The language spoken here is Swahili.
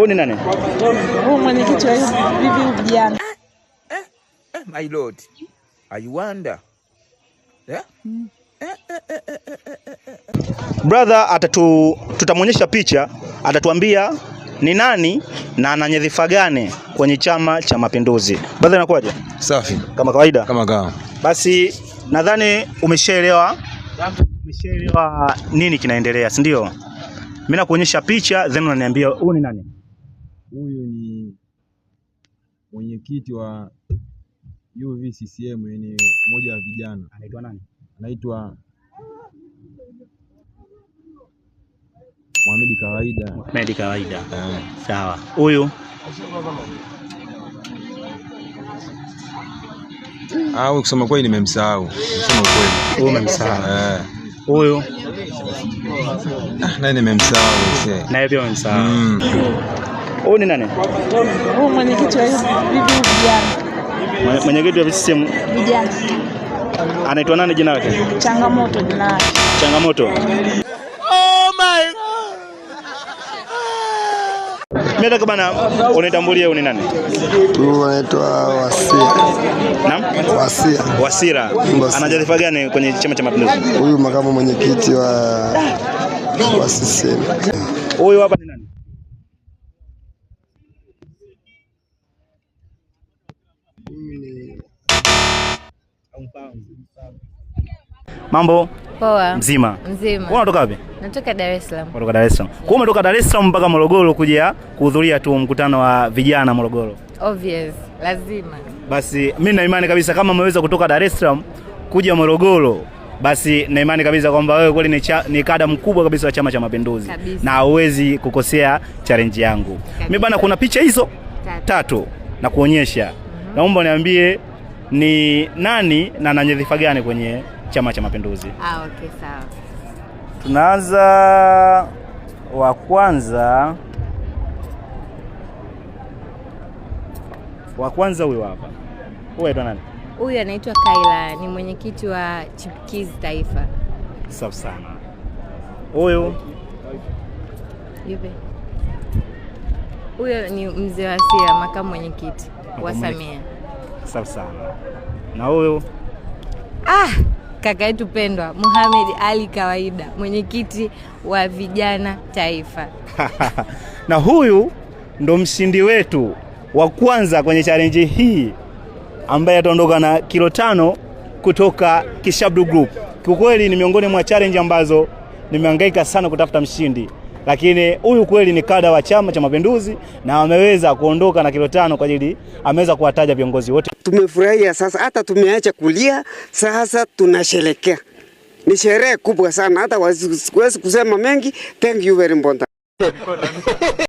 Huyu ni nani? Huyu mwenyekiti wa hivi vijana. Eh, eh, eh, my lord. I wonder. Yeah? Mm. Brother atatu tutamwonyesha picha, atatuambia ni nani na ana nyadhifa gani kwenye Chama cha Mapinduzi. Brother, inakuwaje? Safi. Kama kawaida. Kama kawaida. Basi nadhani umeshaelewa umeshaelewa nini kinaendelea, si ndio? Mimi nakuonyesha picha then unaniambia huyu ni nani? Huyu ni mwenyekiti wa UVCCM, yani mmoja wa vijana. Anaitwa nani? Anaitwa Mohamed Kawaida. Mohamed Kawaida. Yeah. Sawa. Huyu Ah, kusema kweli nimemsahau. Kusema kweli. Ah. Huyu umemsahau. Eh. Huyu naye nimemsahau. Naye pia umemsahau. Mm. Huyu ni nani? Huyu mwenyekiti wa hivi vijana. Mwenyekiti wa CCM vijana. Anaitwa nani jina lake? Changamoto jina lake. Changamoto. Oh my God. Mimi bana, unitambulie huyu ni nani? Huyu anaitwa Wasia. Naam? Wasira. Wasira. Ana Anajarifa gani kwenye Chama cha Mapinduzi? Huyu makamu mwenyekiti wa wa CCM. Huyu hapa Mimi ni Mambo? Poa. Mzima. Mzima. Wewe unatoka wapi? Natoka Dar es Salaam. Unatoka Dar es Salaam. Kwa umetoka Dar es Salaam mpaka Morogoro kuja kuhudhuria tu mkutano wa vijana Morogoro. Obvious, lazima. Basi mimi na imani kabisa kama umeweza kutoka Dar es Salaam kuja Morogoro basi na imani kabisa kwamba wewe kweli ni, ni kada mkubwa kabisa wa Chama cha Mapinduzi na hauwezi kukosea challenge yangu. Mimi bana, kuna picha hizo tatu, tatu na kuonyesha Mm-hmm. naomba niambie ni nani na na nyadhifa gani kwenye Chama cha Mapinduzi? Ah, okay, sawa. Tunaanza wa kwanza wa kwanza huyo hapa. Huyu nani? Huyu anaitwa Kaila, ni mwenyekiti wa Chipukizi Taifa. Safi sana. Huyu yupi? Huyo ni mzee wa Sia, makamu mwenyekiti wa Samia. Safi sana. Na huyu ah, kaka yetu pendwa Mohamed Ali Kawaida, mwenyekiti wa vijana taifa na huyu ndo mshindi wetu wa kwanza kwenye challenge hii ambaye ataondoka na kilo tano kutoka Kishabdu Group. Kiukweli ni miongoni mwa challenge ambazo nimehangaika sana kutafuta mshindi lakini huyu kweli ni kada wa Chama cha Mapinduzi na ameweza kuondoka na kilo tano kwa ajili, ameweza kuwataja viongozi wote. Tumefurahia sasa, hata tumeacha kulia sasa, tunasherekea. Ni sherehe kubwa sana, hata siwezi kusema mengi. Thank you very much.